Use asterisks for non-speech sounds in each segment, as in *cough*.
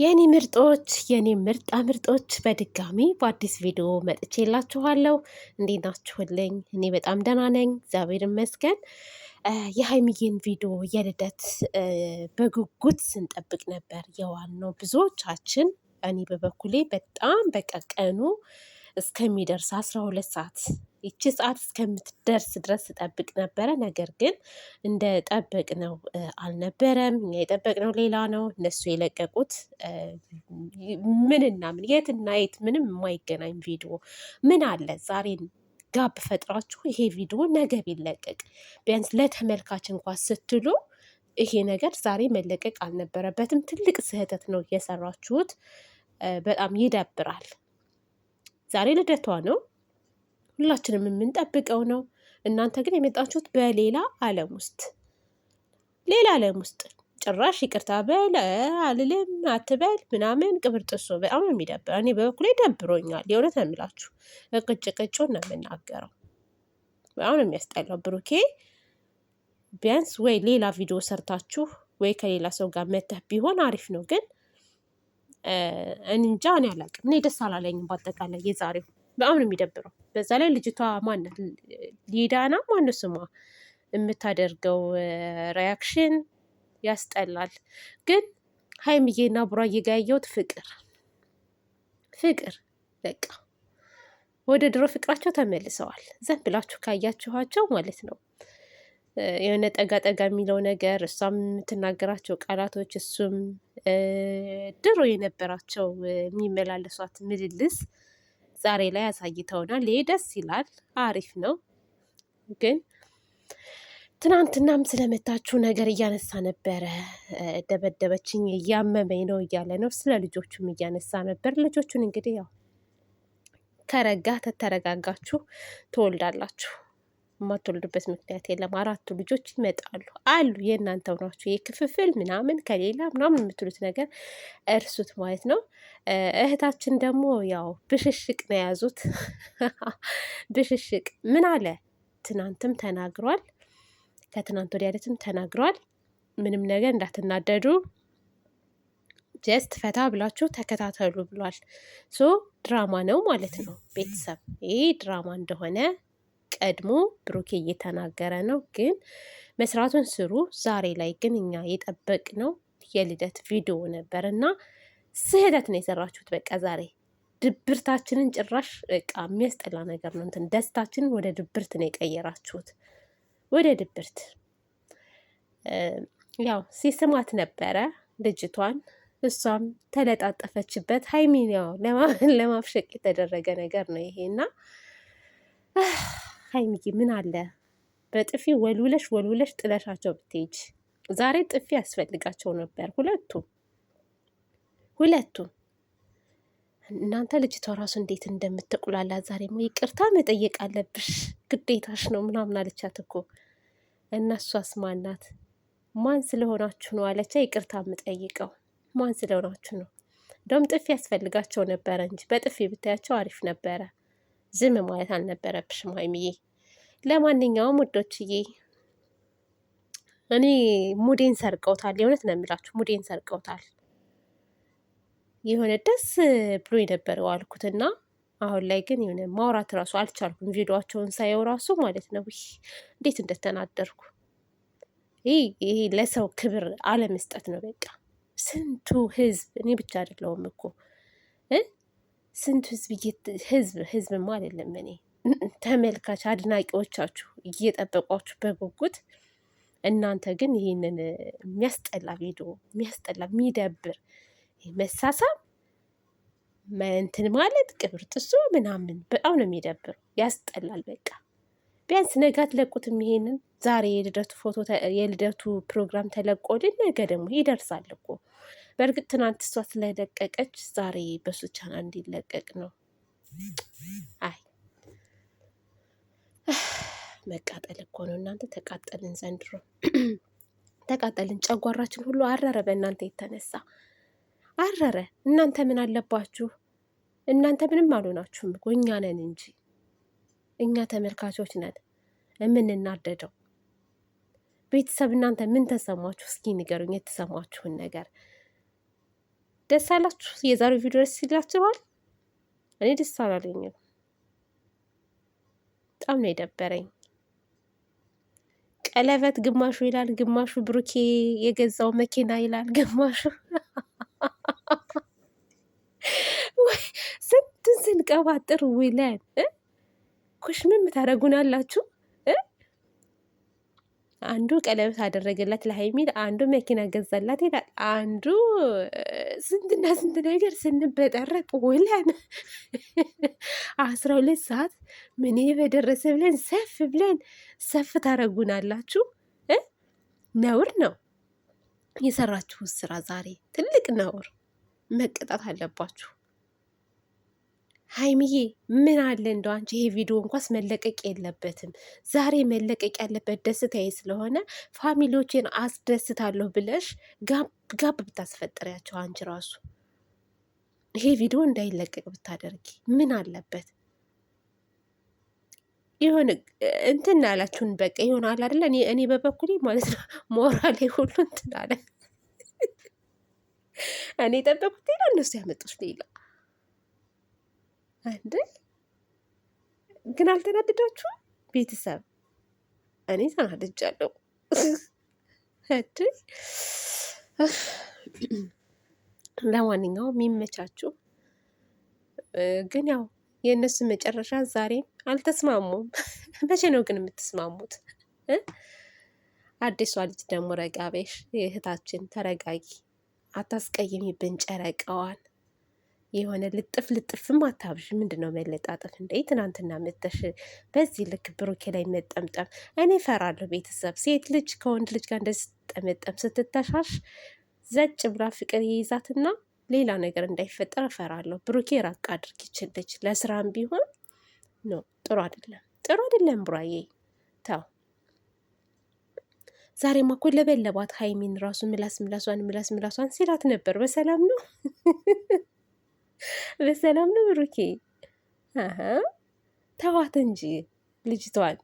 የኔ ምርጦች የኔ ምርጣ ምርጦች በድጋሚ በአዲስ ቪዲዮ መጥቼላችኋለሁ። እንዴት ናችሁልኝ? እኔ በጣም ደህና ነኝ፣ እግዚአብሔር ይመስገን። የሀይሚዬን ቪዲዮ የልደት በጉጉት ስንጠብቅ ነበር የዋል ብዙዎቻችን። እኔ በበኩሌ በጣም በቀቀኑ እስከሚደርስ አስራ ሁለት ሰዓት ይቺ ሰዓት እስከምትደርስ ድረስ ጠብቅ ነበረ። ነገር ግን እንደ ነው አልነበረም። እኛ የጠበቅነው ሌላ ነው፣ እነሱ የለቀቁት ምንና ምን የትና የት ምንም የማይገናኝ ቪዲዮ ምን አለ ዛሬን ጋብ ፈጥራችሁ ይሄ ቪዲዮ ነገ ቢለቀቅ ቢያንስ ለተመልካች እንኳ ስትሉ ይሄ ነገር ዛሬ መለቀቅ አልነበረበትም። ትልቅ ስህተት ነው የሰራችሁት። በጣም ይደብራል። ዛሬ ልደቷ ነው። ሁላችንም የምንጠብቀው ነው። እናንተ ግን የመጣችሁት በሌላ ዓለም ውስጥ ሌላ ዓለም ውስጥ ጭራሽ ይቅርታ በል አልልም አትበል ምናምን ቅብር ጥሶ በጣም የሚደብር እኔ በበኩሌ ደብሮኛል። የእውነት የሚላችሁ እቅጭ ቅጮ ነው የምናገረው። በጣም ነው የሚያስጠላው። ብሩኬ ቢያንስ ወይ ሌላ ቪዲዮ ሰርታችሁ ወይ ከሌላ ሰው ጋር መተህ ቢሆን አሪፍ ነው ግን እንጃ እኔ አላውቅም። እኔ ደስ አላለኝም በአጠቃላይ የዛሬው በጣም ነው የሚደብረው። በዛ ላይ ልጅቷ ማነት ሊዳና ማነ ስሟ የምታደርገው ሪያክሽን ያስጠላል። ግን ሀይምዬና ቡራዬ ጋ ያየሁት ፍቅር ፍቅር በቃ ወደ ድሮ ፍቅራቸው ተመልሰዋል። ዘን ብላችሁ ካያችኋቸው ማለት ነው የሆነ ጠጋ ጠጋ የሚለው ነገር እሷም የምትናገራቸው ቃላቶች እሱም ድሮ የነበራቸው የሚመላለሷት ምልልስ ዛሬ ላይ አሳይተውናል። ይሄ ደስ ይላል፣ አሪፍ ነው። ግን ትናንትናም ስለመታችሁ ነገር እያነሳ ነበረ። ደበደበችኝ፣ እያመመኝ ነው እያለ ነው። ስለ ልጆቹም እያነሳ ነበር። ልጆቹን እንግዲህ ያው ከረጋ ተተረጋጋችሁ ትወልዳላችሁ የማትወልዱበት ምክንያት የለም። አራቱ ልጆች ይመጣሉ አሉ የእናንተው ናቸው። የክፍፍል ምናምን ከሌላ ምናምን የምትሉት ነገር እርሱት ማለት ነው። እህታችን ደግሞ ያው ብሽሽቅ ነው የያዙት። *laughs* ብሽሽቅ ምን አለ? ትናንትም ተናግሯል፣ ከትናንት ወዲያለትም ተናግሯል። ምንም ነገር እንዳትናደዱ ጀስት ፈታ ብላችሁ ተከታተሉ ብሏል። ሶ ድራማ ነው ማለት ነው ቤተሰብ። ይሄ ድራማ እንደሆነ ቀድሞ ብሩኬ እየተናገረ ነው። ግን መስራቱን ስሩ። ዛሬ ላይ ግን እኛ የጠበቅነው የልደት ቪዲዮ ነበር እና ስህተት ነው የሰራችሁት። በቃ ዛሬ ድብርታችንን ጭራሽ በቃ የሚያስጠላ ነገር ነው። እንትን ደስታችንን ወደ ድብርት ነው የቀየራችሁት፣ ወደ ድብርት። ያው ሲስማት ነበረ ልጅቷን፣ እሷም ተለጣጠፈችበት። ሀይሚን ያው ለማፍሸቅ የተደረገ ነገር ነው ይሄ እና ሀይሚዬ ምን አለ በጥፊ ወልውለሽ ወልውለሽ ጥለሻቸው ብትሄጅ። ዛሬ ጥፊ ያስፈልጋቸው ነበር ሁለቱም ሁለቱ። እናንተ ልጅቷ ራሱ እንዴት እንደምትቁላላ ዛሬ ሞ ይቅርታ መጠየቅ አለብሽ ግዴታሽ ነው ምናምን አለቻት እኮ እና ማናት? ማን ስለሆናችሁ ነው አለቻ። ይቅርታ የምጠይቀው ማን ስለሆናችሁ ነው? እንደውም ጥፊ ያስፈልጋቸው ነበረ እንጂ በጥፊ ብታያቸው አሪፍ ነበረ። ዝም ማለት አልነበረብሽም ሀይሚዬ። ለማንኛውም ውዶችዬ እኔ ሙዴን ሰርቀውታል። የእውነት ነው የሚላችሁ ሙዴን ሰርቀውታል። የሆነ ደስ ብሎ የነበረው አልኩትና አሁን ላይ ግን የሆነ ማውራት እራሱ አልቻልኩም። ቪዲዮቸውን ሳየው ራሱ ማለት ነው ይህ እንዴት እንደተናደርኩ ይሄ ለሰው ክብር አለመስጠት ነው። በቃ ስንቱ ህዝብ እኔ ብቻ አይደለሁም እኮ ስንቱ ህዝብ ህዝብ ህዝብማ አይደለም እኔ ተመልካች አድናቂዎቻችሁ እየጠበቋችሁ በጉጉት እናንተ ግን ይህንን የሚያስጠላ ቪዲዮ የሚያስጠላ የሚደብር መሳሳም እንትን ማለት ቅብር ጥሶ ምናምን በጣም ነው የሚደብረው። ያስጠላል። በቃ ቢያንስ ነገ አትለቁትም ይሄንን? ዛሬ የልደቱ ፎቶ የልደቱ ፕሮግራም ተለቆልን፣ ነገ ደግሞ ይደርሳል እኮ። በእርግጥ ትናንት እሷ ስለለቀቀች ዛሬ በሱ ቻናል እንዲለቀቅ ነው። አይ መቃጠል እኮ ነው እናንተ። ተቃጠልን ዘንድሮ ተቃጠልን። ጨጓራችን ሁሉ አረረ በእናንተ የተነሳ አረረ። እናንተ ምን አለባችሁ? እናንተ ምንም አልሆናችሁም እኮ እኛ ነን እንጂ እኛ ተመልካቾች ነን የምንናደደው። ቤተሰብ እናንተ ምን ተሰማችሁ? እስኪ ንገሩኝ የተሰማችሁን ነገር። ደስ አላችሁ? የዛሬው ቪዲዮ ደስ ይላችኋል? እኔ ደስ አላለኝም። በጣም ነው የደበረኝ። ቀለበት ግማሹ ይላል፣ ግማሹ ብሩኬ የገዛው መኪና ይላል፣ ግማሹ *laughs* ስንትን ስንቀባጥር ውለን ኩሽ ምን ታደርጉናላችሁ? አንዱ ቀለበት አደረገላት ለሀይሚል፣ አንዱ መኪና ገዛላት ይላል፣ አንዱ ስንትና ስንት ነገር ስንበጠረቅ ውለን አስራ ሁለት ሰዓት ምን በደረሰ ብለን ሰፍ ብለን ሰፍ ታረጉናላችሁ። ነውር ነው የሰራችሁት ስራ ዛሬ ትልቅ ነውር፣ መቀጣት አለባችሁ። ሀይሚዬ ምን አለ እንደ አንቺ ይሄ ቪዲዮ እንኳስ መለቀቅ የለበትም። ዛሬ መለቀቅ ያለበት ደስታዬ ስለሆነ ፋሚሊዎቼን አስደስታለሁ ብለሽ ጋብ ብታስፈጥሪያቸው አንቺ ራሱ ይሄ ቪዲዮ እንዳይለቀቅ ብታደርጊ ምን አለበት? የሆነ እንትን አላችሁን በቃ የሆነ አለ አይደለ? እኔ በበኩሌ ማለት ነው ሞራሌ ሁሉ እንትን አለ። እኔ ጠበቁት ሌላ እነሱ ያመጡት ሌላ እንዴ ግን አልተናደዳችሁም? ቤተሰብ እኔ ተናድጃለሁ። እንዴ ለማንኛውም የሚመቻችሁ ግን ያው የእነሱ መጨረሻ ዛሬም አልተስማሙም። መቼ ነው ግን የምትስማሙት? አዲሷ ልጅ ደግሞ ረጋቤሽ እህታችን ተረጋጊ፣ አታስቀይሚብን ጨረቃዋን የሆነ ልጥፍ ልጥፍም አታብሽ። ምንድን ነው መለጣጠፍ እንዴ? ትናንትና መተሽ በዚህ ልክ ብሩኬ ላይ መጠምጠም እኔ ፈራለሁ። ቤተሰብ ሴት ልጅ ከወንድ ልጅ ጋር እንደዚህ ስትጠመጠም ስትተሻሽ ዘጭ ብላ ፍቅር ይይዛትና ሌላ ነገር እንዳይፈጠር እፈራለሁ። ብሩኬ ራቅ አድርግ ይችልች ለስራም ቢሆን ነው። ጥሩ አይደለም፣ ጥሩ አይደለም። ብራዬ ተው። ዛሬማ እኮ ለበለባት ሀይሚን ራሱ ምላስ ምላሷን ምላስ ምላሷን ሲላት ነበር። በሰላም ነው *laughs* በሰላም ነው ብሩኬ? ተዋት እንጂ ልጅቷን።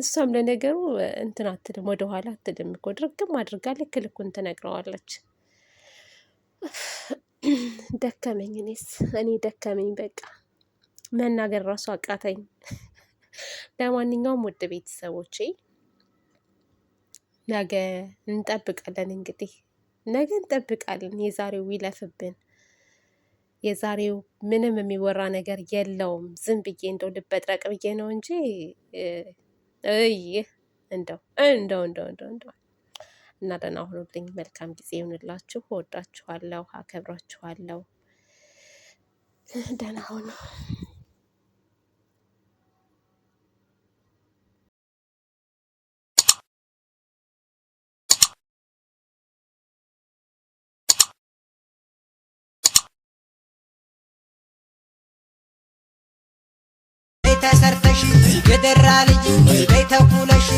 እሷም ለነገሩ እንትን አትልም፣ ወደኋላ አትልም እኮ ድርግም አድርጋ ልክ ልኩን ትነግረዋለች። ደከመኝ፣ እኔስ እኔ ደከመኝ፣ በቃ መናገር ራሱ አቃተኝ። ለማንኛውም ውድ ቤተሰቦቼ ነገ እንጠብቃለን እንግዲህ ነገ እንጠብቃለን። የዛሬው ይለፍብን። የዛሬው ምንም የሚወራ ነገር የለውም። ዝም ብዬ እንደው ልበጥረቅ ብዬ ነው እንጂ ይህ እንደው እንደው እንደው እንደው እንደው እና ደህና ሁኑልኝ። መልካም ጊዜ ይሁንላችሁ። እወዳችኋለሁ፣ አከብራችኋለሁ። ደህና ሁኑ። የደራ ልጅ በይተኩለሽ